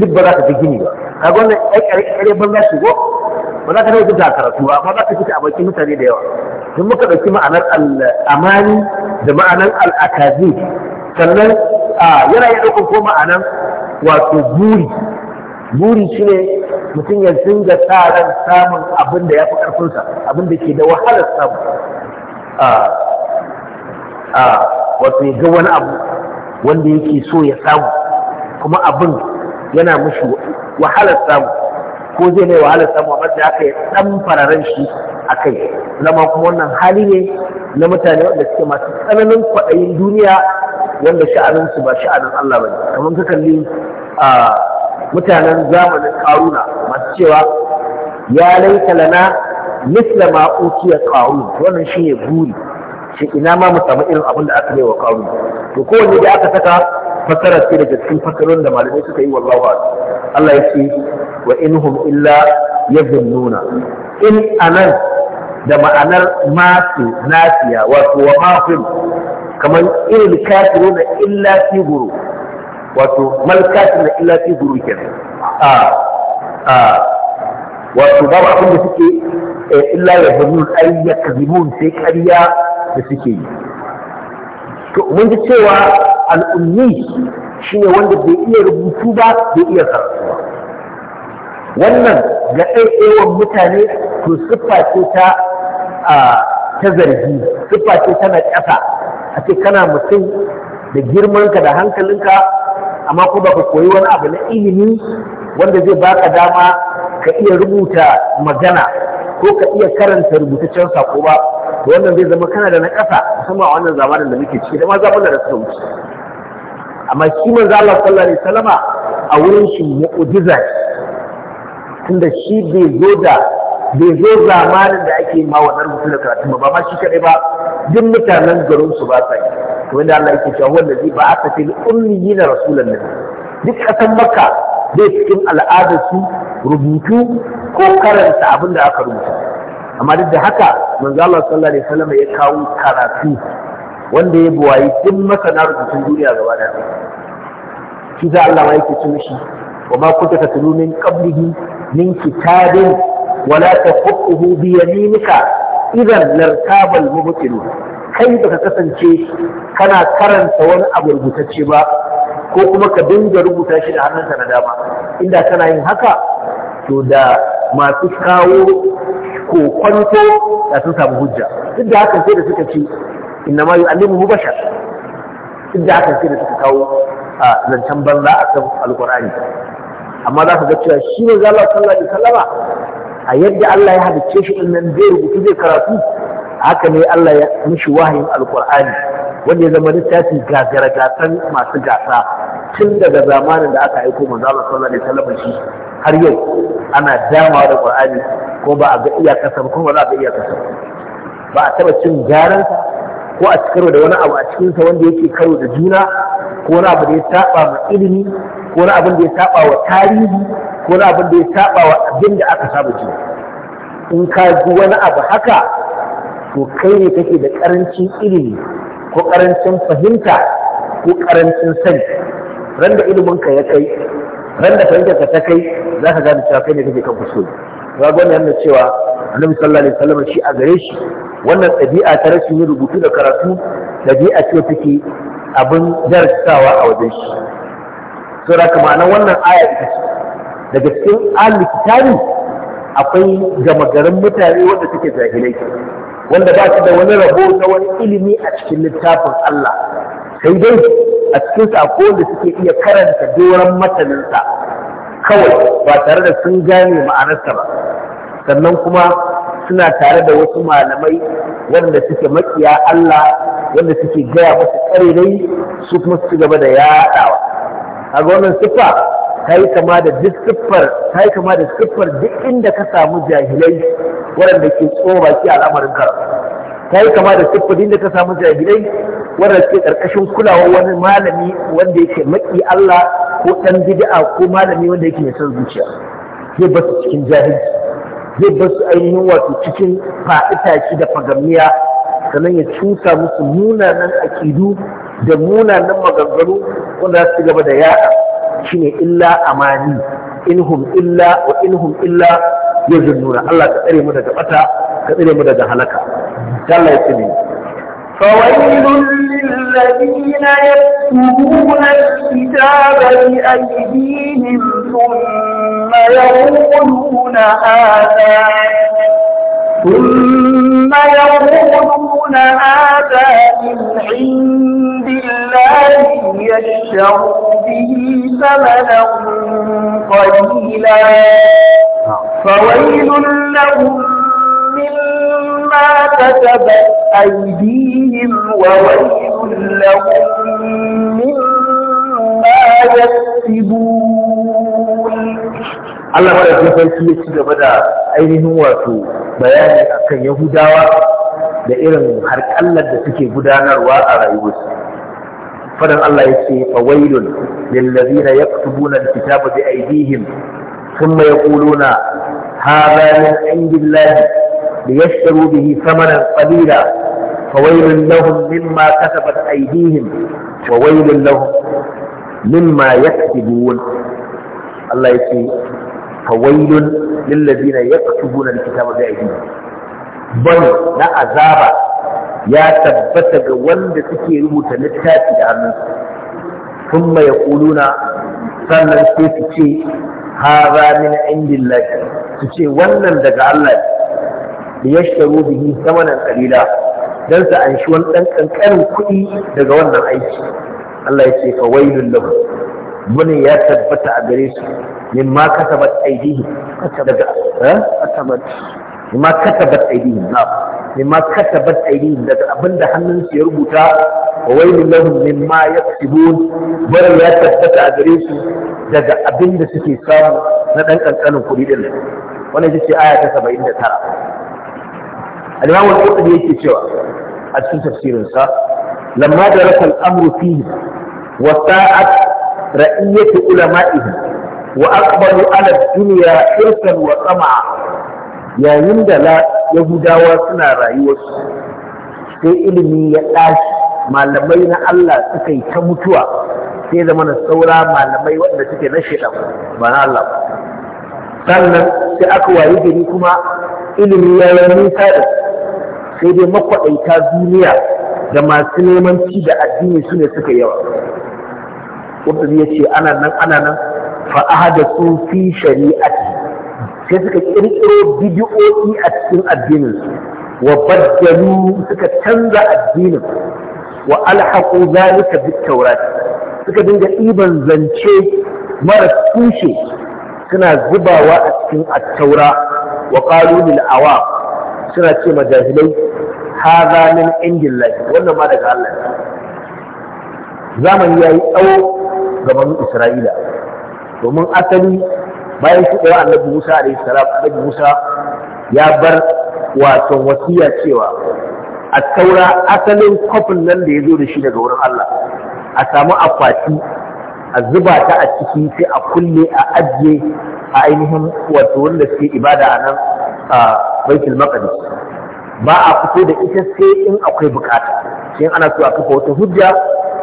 duk ba za ka ji gini ba kaga wannan ai kare ban za shigo ba za ka rage da karatu ba amma za ka fita a bakin mutane da yawa Don muka ɗauki ma'anar al'amani da ma'anar al'akazi sannan yana yi ɗaukar ko ma'anar wato buri buri shi ne mutum ya dinga sa ran samun abin da ya fi ƙarfinsa abin da ke da wahalar samu wato ya ga wani abu wanda yake so ya samu kuma abin yana mushi wahalar samu ko zai ne wahalar samu amma da aka yi ɗan fararen shi a kai zama kuma wannan hali ne na mutane wanda suke masu tsananin kwaɗayin duniya wanda sha'aninsu ba sha'anin Allah ba ne kamar ka kalli mutanen zamanin karuna masu cewa ya laita lana misla ma ƙaru, qarun wannan shine buri shi ina ma mu samu irin abin da aka yi wa qarun to kowanne da aka saka fasara ce daga cikin fasarorin da malamai suka yi wallahu a'lam Allah ya ce wa inhum illa yadhunnuna in anan da ma'anar masu nasiya wato wa mahum kamar irin kafiruna illa fi guru wato malkatin na illa fi guru a a wato babu abin da suke eh, illa ya bunun ai ya kazibun sai ƙarya da suke yi to mun ji cewa al'ummi shine wanda bai iya rubutu ba bai iya karatu ba wannan ga ɗaiɗaiwan mutane to siffa ce ta ta zargi siffa ce tana ƙasa a ce kana mutum da girmanka da hankalinka amma ko ba ka koyi wani abu na ilimi wanda zai baka dama ka iya rubuta magana ko ka iya karanta rubutaccen sako ba to wannan zai zama kana da na ƙasa musamman a wannan zamanin da muke ciki da ma zamanin da suka wuce amma shi manzo Allah sallallahu alaihi wasallama a wurin shi mu'jiza tunda shi bai zo da bai zo zamanin da ake ma ɗan mutum da karatu ba ma shi kaɗai ba duk mutanen garin su ba sai to inda Allah yake cewa wanda zai ba aka fil ummiyina rasulan nabi duk kasan makka zai cikin al'adar su rubutu ko karanta abin da aka rubuta amma duk da haka manzo Allah sallallahu alaihi wasallam ya kawo karatu wanda ya buwayi duk masana rubutun duniya gaba da shi za Allah ma yake cewa shi wa ma kunta tatlu min qablihi min kitabin wala taqutuhu bi yaminika idan lartabal mubtilu kai baka kasance kana karanta wani abu rubutacce ba ko kuma ka dinga rubuta shi da hannunka na dama inda kana yin haka to da masu kawo ko kwanto da sun samu hujja duk da hakan sai da suka ci inna ma yu'allimuhu bashar duk da hakan sai da suka kawo a zancen banza a kan alkur'ani amma za ka ga cewa shi ne zalla sallallahu alaihi wasallama a yadda Allah ya halicce shi in nan zai rubutu zai karatu haka ne Allah ya mishi wahayin alkur'ani wanda ya zama littafi ga gasan masu gasa tun daga zamanin da aka aiko manzo Allah sallallahu alaihi shi har yau ana dama da qur'ani ko ba a ga iyakarsa ba ko ba za a ga iyakarsa ba a taba cin garansa ko a cikarwa da wani abu a cikinsa wanda yake karo da juna ko wani abu da ya taɓa ma ilimi ko na abin da ya saba wa tarihi ko na abin da ya saba wa abin da aka saba ji in ka ji wani abu haka to kai ne kake da karancin ilimi ko karancin fahimta ko karancin sani randa ilimin ka ya kai randa fahimtar ka ta kai za ka gane cewa kai ne kake kan kuskure ga gwani yana cewa annabi sallallahu alaihi wasallam shi a gare shi wannan ɗabi'a ta rashin rubutu da karatu ɗabi'a ce take abin darasawa a wajen shi sai kama nan wannan aya ita ce daga cikin alikitari akwai gama garin mutane wanda suke jahilai wanda ba su da wani rabo na wani ilimi a cikin littafin Allah sai dai a cikin sako da suke iya karanta doron matanansa kawai ba tare da sun gane ma'anarsa ba sannan kuma suna tare da wasu malamai wanda suke makiya Allah wanda suke gaya masu karerai su kuma su gaba da yaɗawa ga wannan siffa ta yi kama da duk siffar ta yi kama da siffar duk inda ka samu jahilai waɗanda ke tsoba ke al'amarin ka, ta yi kama da siffar inda ka samu jahilai waɗanda ke ƙarƙashin kulawar wani malami wanda yake maki Allah ko ɗan bid'a ko malami wanda yake mai son zuciya zai basu cikin jahilci zai basu ainihin wato cikin faɗi da fagamniya sannan ya cuta musu munanan akidu da munanan maganganu wanda za su gaba da Shi ne illa amani inhum illa wa inhum illa nuna. Allah ka tsare mu daga bata ka tsare mu daga halaka Allah ya tsare فويل للذين يكتبون الكتاب بأيديهم ثم ثم ثم يقولون هذا من عند الله ليشتروا به ثمنا قليلا فويل لهم مما كتبت أيديهم وويل لهم مما يكسبون Allah ba madaukakin sarki ya ci gaba da ainihin wato bayani akan Yahudawa da irin harƙallar da suke gudanarwa a rayuwarsu. Fadan Allah ya ce fawailun lillazina yaktubuna alkitaba bi aydihim thumma yaquluna hadha min indillahi liyashtaru bihi thamanan qalila fawailun lahum mimma kasabat aydihim wa wailun lahum mimma yaktubun Allah ya ce fawailun lillazina yaktubuna alkitaba bi aydihim bal na azaba ya tabbata ga wanda suke rubuta littafi da hannunsu thumma yaquluna sannan sai su ce hadha min indillahi su ce wannan daga Allah ne yashtaru bihi samanan qalila dan su anshi wani dan kuɗi daga wannan aiki Allah ya ce fawailun lahu wani ya tabbata a gare su min ma kasabat aidihi eh? daga min ma kasabat aidihi na min ma kasabat aidihi daga abinda hannun su ya rubuta wa wailul lahum min ma yaksibun bari ya tabbata a gare su daga abinda suke samu na dan kankanin kuɗi din wannan ita ce aya ta 79 al-imam al-qurtubi yake cewa a cikin tafsirinsa lamma darasa al-amru fihi wa sa'at ra'iyatu ulama'ihi wa aqbalu ala dunya irsan wa tsama'a yayin da la yahudawa suna rayuwarsu sai ilimi ya ɗashi malamai na Allah suka ta mutuwa sai zama na saura malamai waɗanda suke na shaidan ba na sannan sai aka wayi gari kuma ilimi ya yi nisa sai dai makwaɗaita duniya da masu neman ci da addini su ne suka yawa ya yace ana nan ana nan fa ahadathu fi shari'ati sai suka ƙirƙiro bid'o'i a cikin addinin su wa baddalu suka canza addinin wa alhaqu zalika bit tawrat suka dinga ɗiban zance mara tushe suna zubawa a cikin attaura wa qalu lil awam suna ce majahilai hadha min indillahi wannan ma daga Allah zamani yayi tsawo gabanin isra'ila domin asali bayan shuɗewa annabi musa alaihi salam annabi musa ya bar wato wasiya cewa a taura asalin kwafin nan da ya zo da shi daga wurin Allah a samu akwati a zuba ta a ciki sai a kulle a ajiye a ainihin wato wanda suke ibada a nan a baitul maqdis ba a fito da ita sai in akwai bukata sai ana so a kafa wata hujja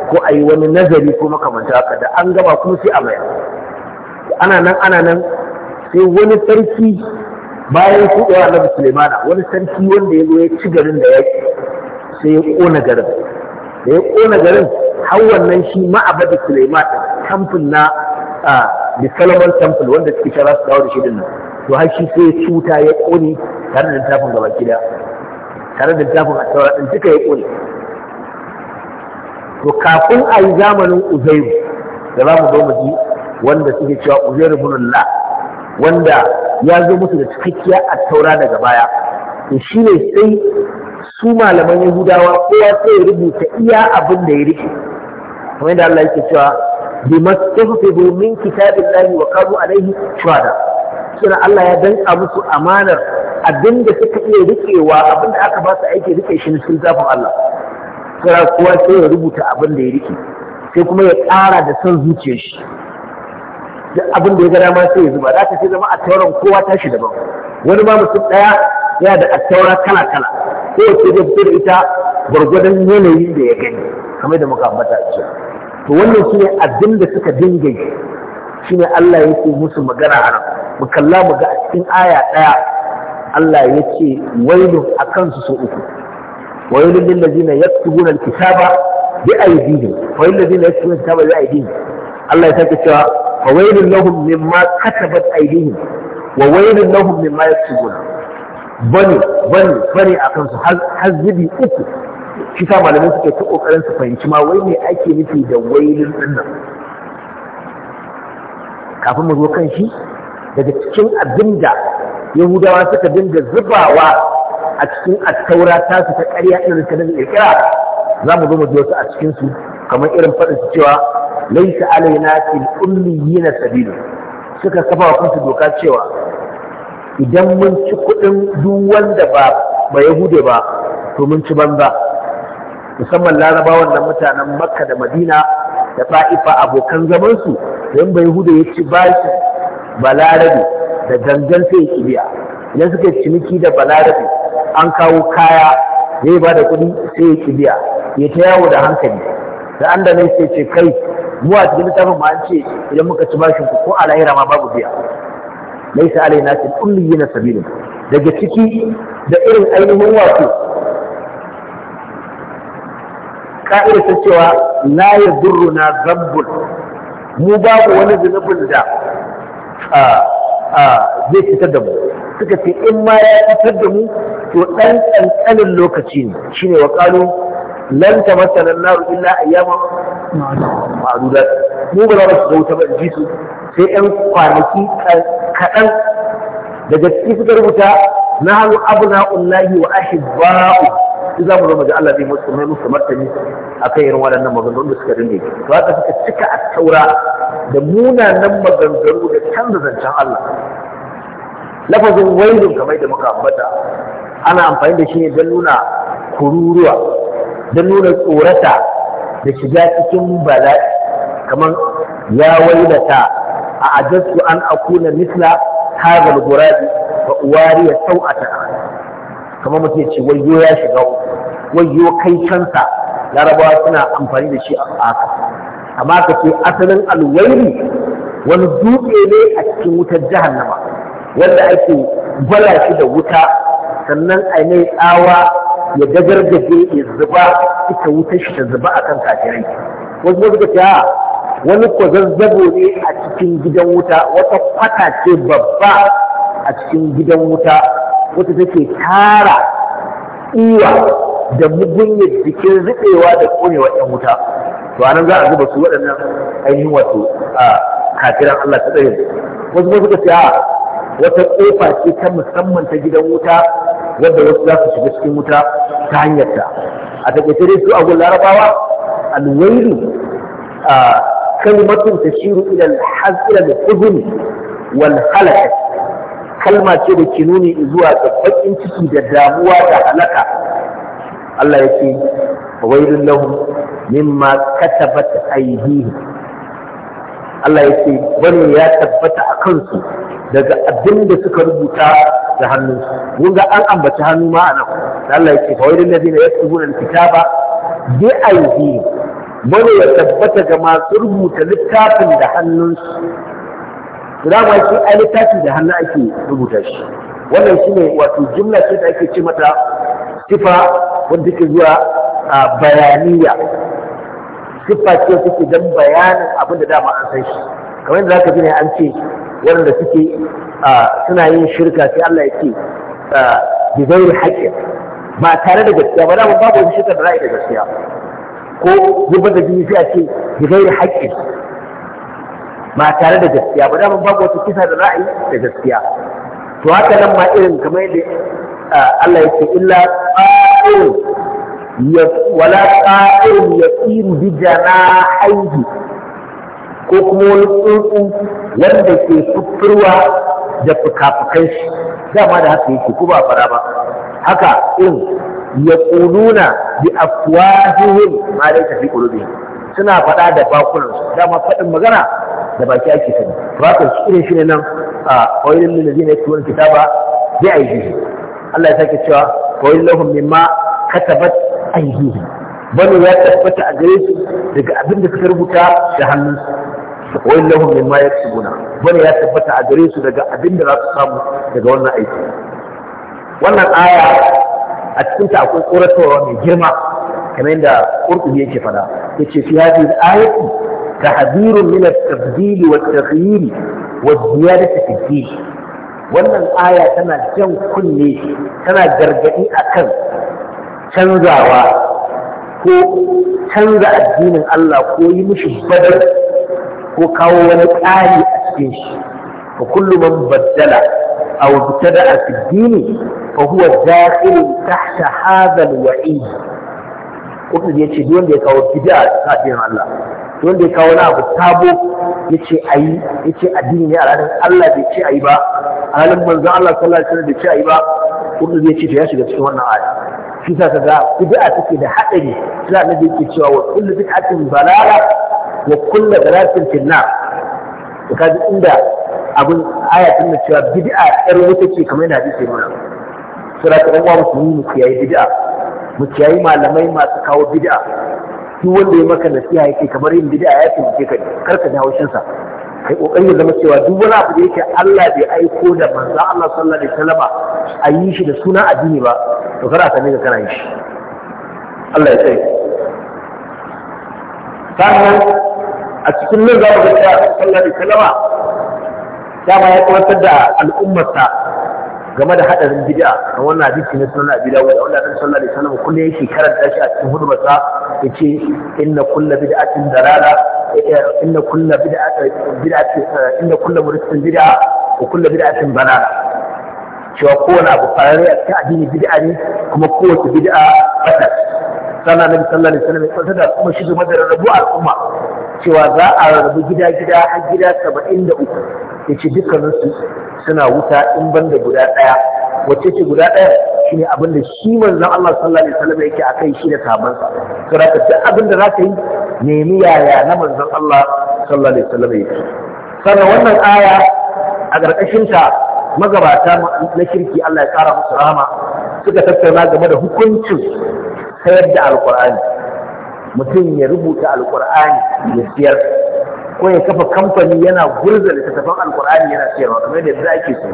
ko a yi wani nazari ko makamanta haka da an gama kuma sai a maya ana nan ana nan sai wani sarki bayan kuɗewa na musulmana wani sarki wanda ya zo ya ci garin da yaƙi sai ya ƙona garin da ya ƙona garin har wannan shi ma'abadi suleiman kamfin na da Solomon Temple wanda suke shara su dawo da shi nan. to har shi sai ya cuta ya ƙone tare da littafin gaba gida tare da littafin a saura ɗin duka ya ƙone to kafin a yi zamanin uzairu da za mu zo mu ji wanda suke cewa uzairu bunulla wanda ya zo musu da cikakkiya a taura daga baya to shi ne sai su malaman yahudawa kowa sai ya rubuta iya abin da ya rike kamar yadda Allah yake cewa bi fi min kitabillahi wa kanu alaihi shuhada Kira Allah ya danka musu amanar abin da suka iya rikewa abin da aka ba su aiki rike shi cikin zafin Allah kira kowa sai ya rubuta abin da ya rike sai kuma ya ƙara da son zuciyar shi duk abin da ya gada ma sai ya zuba za ka sai zama a tauran kowa tashi daban wani ma mutum ɗaya yana da attaura kala kala kowace zai fito da ita gwargwadon yanayin da ya gani kamar da muka ambata a jiya to wannan shine abin da suka dinga yi shine Allah ya yake musu magana a nan mu kalla mu ga a cikin aya ɗaya Allah ya ce wailu a kansu sau uku ويل للذين يكتبون الكتاب بأيديهم ويل للذين يكتبون الكتاب بأيديهم الله يسألك الشواء لهم مما كتبت أيديهم وويل لهم مما يكتبون bane bane bane a kansu har zubi uku shi sa malamai suke ta ƙoƙarin su fahimci ma wai me ake nufi da wailin dinnan kafin mu zo kan shi daga cikin abinda yahudawa suka dinga zubawa a cikin attaura ta su ta ƙarya irin da suka kirkira za mu zo mu ji wasu a cikin su kamar irin faɗin su cewa laisa alaina fil ummiyina sabilu suka kafa wa kansu doka cewa idan mun ci kuɗin duk wanda ba ba yahude ba to mun ci banza musamman larabawan wannan mutanen makka da madina da fa'ifa abokan zaman su don ba yahude ya ci bashi balarabe da gangan sai kiriya, kibiya idan suka ciniki da balarabe an kawo kaya zai ba da kuɗi sai ya kibiya ya ta yawo da hankali da an da nan sai ce kai mu a cikin littafin ma an ce idan muka ci bashin ku ko a lahira ma babu biya laisa alaina yi na sabilun daga ciki da irin ainihin wato ka'ida ta cewa la ya na Zambul? mu babu wani zunubin da zai fitar da mu suka ce in ma ya fitar da mu to ɗan ƙanƙanin lokaci ne shine wa ƙalo lan ta masana naru illa ayyama ma'aduda mu ba za su wuta ba ji su sai ɗan kwanaki kaɗan daga ciki suka rubuta na hannu abu na'ullahi wa ahibba'u duk za mu zama maji Allah zai musu mai musu martani a kan irin waɗannan maganganu da suka dinga to haka suka cika a taura da munanan maganganu da canza zancen Allah lafazin wailun kamar da muka ambata ana amfani da shi ne don nuna kururuwa don nuna tsorata da shiga cikin bala'i kamar ya wailata a ajastu an akuna misla hadal gurabi wa uwariya sau'ata kamar mutum ya ce wayyo ya shiga wayyo kai kansa larabawa suna amfani da shi a haka amma ka ce asalin alwairi wani dutse ne a cikin wutar jahannama wanda ake gwala shi da wuta sannan a mai tsawa ya dagargaje ya zuba ita wutar shi ta zuba akan kafirai wasu ne suka ce wani ah, wani kwazazzabo ne a cikin gidan wuta wata kwata ce babba a cikin gidan wuta wata take tara iya da ya jikin zubewa da ƙonewa ɗan wuta to anan za a zuba su waɗannan ainihin wato a kafiran Allah ta tsaye wasu ne suka ce ah, wata kofa ce ta musamman ta gidan wuta wadda wasu za su shiga cikin wuta ta hanyarta a takaice dai su a gun larabawa alwailu a kalmatun ta shiru ilal hasirar huzuni wal halaka kalma ce da ke nuni zuwa ga bakin ciki da damuwa da halaka Allah ya ce wailun lahum mimma katabat aydihim Allah ya ce wani ya tabbata a kansu daga abin da suka rubuta da hannu mun ga an ambaci hannu ma anan da Allah yake fa wailil ladina yaktubuna alkitaba bi aydihim bane ya tabbata ga masu rubuta littafin da hannunsu guda ma ce ai littafi da hannu ake rubuta shi wannan shine wato jumla ce da ake ce mata sifa wanda ke zuwa a bayaniya sifa ce take dan bayanin abin da dama an san shi kamar yadda zaka ji ne an ce waɗanda suke suna yin shirka sai Allah ya ce bi zairi haƙƙin ba tare da gaskiya ba dama babu wani shirka da ra'ayi da gaskiya ko zubar da jini sai a ce bi zairi haƙƙin ba tare da gaskiya ba dama babu wata kisa da ra'ayi da gaskiya to haka nan ma irin kamar yadda Allah ya ce illa qa'irin wala qa'irin yasiru bi janahihi ko kuma wani tsuntsu wanda ke sufurwa da fuka shi dama da haka yake ko ba fara ba haka in ya kununa bi afwahihim ma laysa fi qulubihim suna faɗa da bakunan su dama faɗin magana da baki ake sani to haka shi ne nan a qaulil lil ladina yaktubuna kitaba bi aydihim Allah ya sake cewa qaulil lahum mimma katabat aydihim bane ya tabbata a gare su daga abin da suka rubuta da hannunsu wani lahun min ma ya wani ya tabbata a gare su daga abin da za su samu daga wannan aiki wannan aya a cikin ta akwai mai girma kamar yadda qurtubi yake fada yace fi hadhihi al-ayati tahdhirun min at wa at wa ziyadati fi wannan aya tana jan kunne tana gargadi akan canzawa ko canza addinin Allah ko yi mishi badar ko kawo wani ƙari a cikin shi fa kullu baddala a aw btada fi dini fa huwa dakhil tahta hadha al-wa'id kuma yace duk wanda ya kawo bid'a a cikin Allah duk wanda ya kawo wani abu sabo ce ayi yace addini ne a ranar Allah bai ce ayi ba a ranar manzo Allah sallallahu alaihi wasallam bai ce ayi ba kuma zai ce ya shiga cikin wannan aya shi sa kaga bid'a take da hadari sai annabi yake cewa wa kullu bid'atin balala wa kulla dalatin fil nar to kaji inda abin ayatin da cewa bid'a yar wuta ce kamar yadda hadisi nuna sura ta uwa musulmi mu kiyaye bid'a mu kiyaye malamai masu kawo bid'a duk wanda ya maka nasiha yake kamar yin bid'a ya taimake ka kar ka ji haushin sa kai kokari ya zama cewa duk wani abu da yake Allah bai aiko da manzo Allah sallallahu alaihi wasallam a yi shi da sunan addini ba to kada ka kana yi shi Allah ya tsaye sannan a cikin nan za mu ga cewa sallallahu alaihi wasallama dama ya kawatar da al'ummarsa game da hadarin bid'a a wannan hadisi na sunan abi dawud wanda annabi sallallahu alaihi wasallam kullum yake karanta shi a cikin hudubarsa yace inna kullu bid'atin dalala eh, inna kullu bid'atin bid'atin eh, inna kullu mursalin bid'a wa kullu bid'atin dalala cewa kowane abu farare a cikin addini bid'a ne kuma kowace bid'a fata sannan nabi sallallahu alaihi wasallam ya tsanta da kuma shi game da rarrabu al'umma cewa za a rabu gida gida a gida 73 yace dukkanin su suna wuta in banda guda daya wacce ce guda daya shine abin da shi manzon Allah sallallahu alaihi wasallam yake akai shi da sahabban sa to da duk abin da zaka yi nemi yaya na manzon Allah sallallahu alaihi wasallam yake sannan wannan aya a ƙarƙashin ta magabata na kirki Allah ya kara musu rama, suka tattauna game da hukuncin sayar da alkur'ani mutum ya rubuta alkur'ani ya siyar ko ya kafa kamfani yana gurza littattafan alkur'ani yana siyarwa kamar da ake so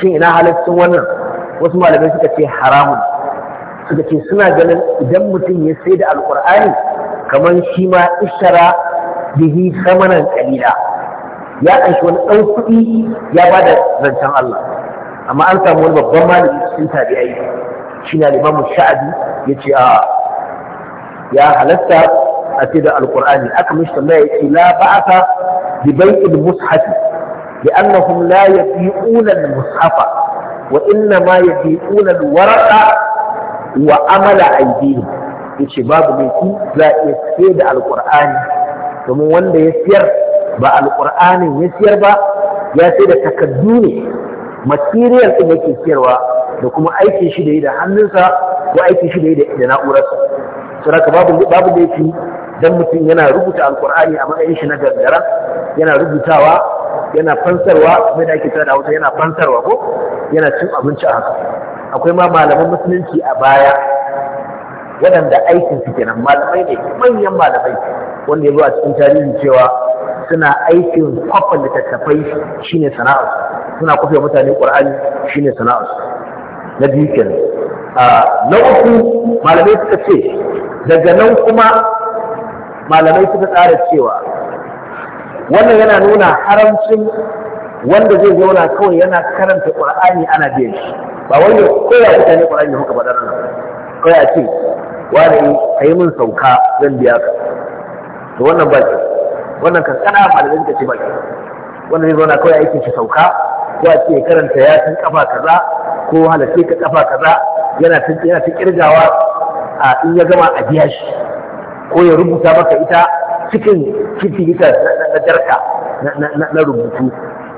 shin ina halittun wannan wasu malamai suka ce haramun suka ce suna ganin idan mutum ya sai da alkur'ani kamar shi ma ishara bihi samanan kalila ya anshi wani ɗan kuɗi ya ba da zancen Allah amma an samu wani babban malami cikin tabi'ai shi na limamu sha'abi ya ce a ya halatta a ce da alƙur'ani aka mishi tambaya ya ce la ba'asa bi bai'il mushafi لأنهم لا يبيعون المصحف وإنما يبيعون الورقة وعمل Ya yace babu laifi za a iya sayar da alkur'ani domin wanda ya siyar ba alƙur'anin ya siyar ba ya sai da takardu ne material ɗin yake siyarwa da kuma aikin shi da yi da hannunsa ko aikin shi da yi da na'urarsa ka babu babu da yake dan mutum yana rubuta alƙur'ani a matsayin shi na gangara yana rubutawa yana fansarwa kuma da ake da hausa yana fansarwa ko yana cin abinci a haka akwai ma malaman musulunci a baya waɗanda aikin su kenan malamai ne manyan malamai wanda ya zo a cikin tarihi cewa suna aikin kwafa littattafai shine sana'a, suna kwafe mutane qur'ani shine sana'a. na biyu kenan na uku malamai suka ce daga nan kuma malamai suka tsara cewa wannan yana nuna haramcin wanda zai zauna kawai yana karanta qur'ani ana biyan shi ba wai ya koya mutane qur'ani haka ba nan kawai a ce wani a yi min sauka zan biya ka to wannan ba ke wannan kan ba da ka ce ba wannan zai zauna kawai aikin shi sauka ko a ce karanta ya san kafa kaza ko halarce ka kafa kaza yana tun yana ta kirgawa a in ya gama a biya shi ko ya rubuta maka ita cikin cikin ita na jarka na rubutu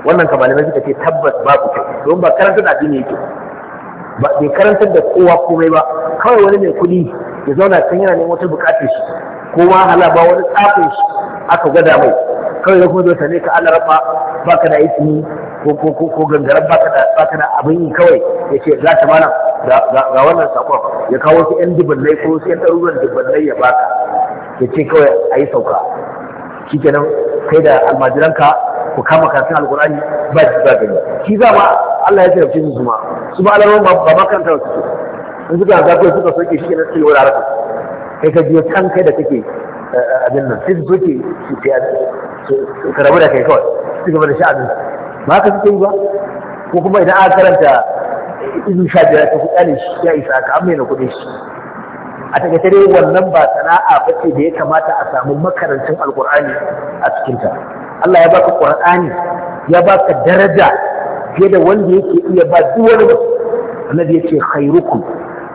wannan ka malamai suka ce tabbas babu kyau don ba karanta da addini yake ba bai karantar da kowa komai ba kawai wani mai kuɗi ya zauna can yana neman wata bukatar shi ko ma hala ba wani tsafin shi aka gwada mai kawai ya kuma zo ne ka Allah rabba baka da aiki ko tuni ko gangaren ka da abin yi kawai Ya ce za ta malam ga wannan sakon ya kawo su yan dubbalai ko su yan ɗaruruwan dubbalai ya baka ya ce kawai a yi sauka shikenan kai da almajiranka ku kama karatun alkurani ba ji ba gani shi za ma Allah ya tarafce su ma su ba alamun ba makaranta su in suka zafi suka soke shi kenan sai wurare kai ka biyo can kai da kake eh, abin nan sai su soke su ka da kai kawai su gaba da sha'anin ba ka suke yi ba ko kuma idan aka karanta izin sha biyar ka kuɗa ne shi ya isa ka amma na kuɗin shi a takaice dai wannan ba sana'a ba ce da ya kamata a samu makarancin alkur'ani a cikinta Allah ya baka qur'ani ya baka daraja fiye da wanda yake iya ba duk wani annabi yace khairukum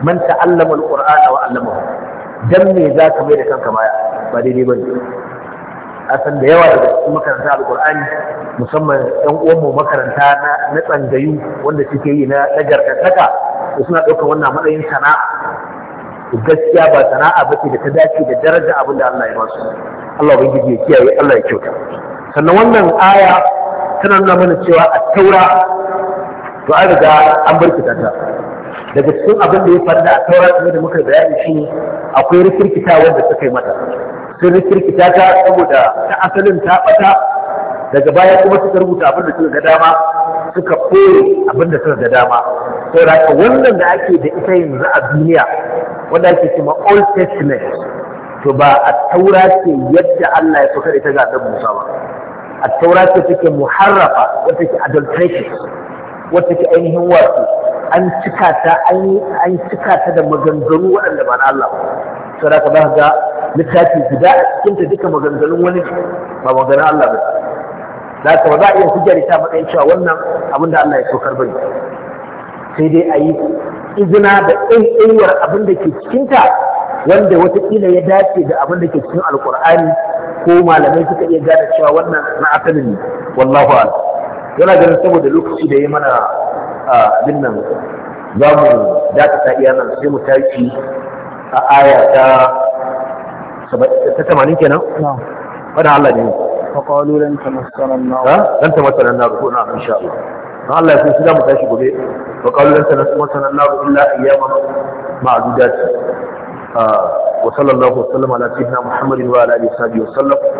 man ta'allama alqur'ana wa 'allamahu dan me zaka mai da kanka baya ba daidai bane a san da yawa daga su makaranta alqur'ani musamman ɗan uwanmu makaranta na na tsangayu wanda suke yi na nagartaka to suna ɗaukar wannan matsayin sana'a gaskiya ba sana'a bace da ta dace da daraja abin da Allah ya ba su Allah ubangiji ya kiyaye Allah ya kyauta sannan wannan aya tana nuna mana cewa a taura to an riga an bar ta daga cikin abin da ya faru da taura kamar da muka bayani shi akwai rikirkita wanda suka yi mata sun rikirkita ta saboda ta asalin ta bata daga baya kuma suka rubuta abin da suka ga dama suka koye abin da suka ga dama saboda wannan da ake da ita yanzu a duniya wanda ake cewa old testament to ba a taura ce yadda Allah ya saukar ita ga Musa ba a taura ce take muharrafa wata ke adulteration wacce ke ainihin wato an cika ta an cika ta da maganganu waɗanda ba na Allah sai ka za ga littafi guda a cikin ta duka maganganun wani ba maganganun Allah ba da ka ba za a iya hujjar ta matsayin cewa wannan abin da Allah ya saukar ne? sai dai a yi izina da ɗaiɗaiwar abin da ke cikinta wanda watakila ya dace da abin da ke cikin alkur'ani ko malamai suka iya gane cewa wannan na asalin ne wallahu a'lam yana ganin saboda lokaci da ya mana abin nan za mu dakata iya nan sai mu tashi a aya ta 80 kenan wadda Allah ne faƙalu lan tamassana an-nar lan tamassana an-nar ko na insha Allah Allah ya sai mu tashi gobe faƙalu lan tamassana an-nar illa ayyaman ma'dudat وصلى الله وسلم على سيدنا محمد وعلى اله wa sallam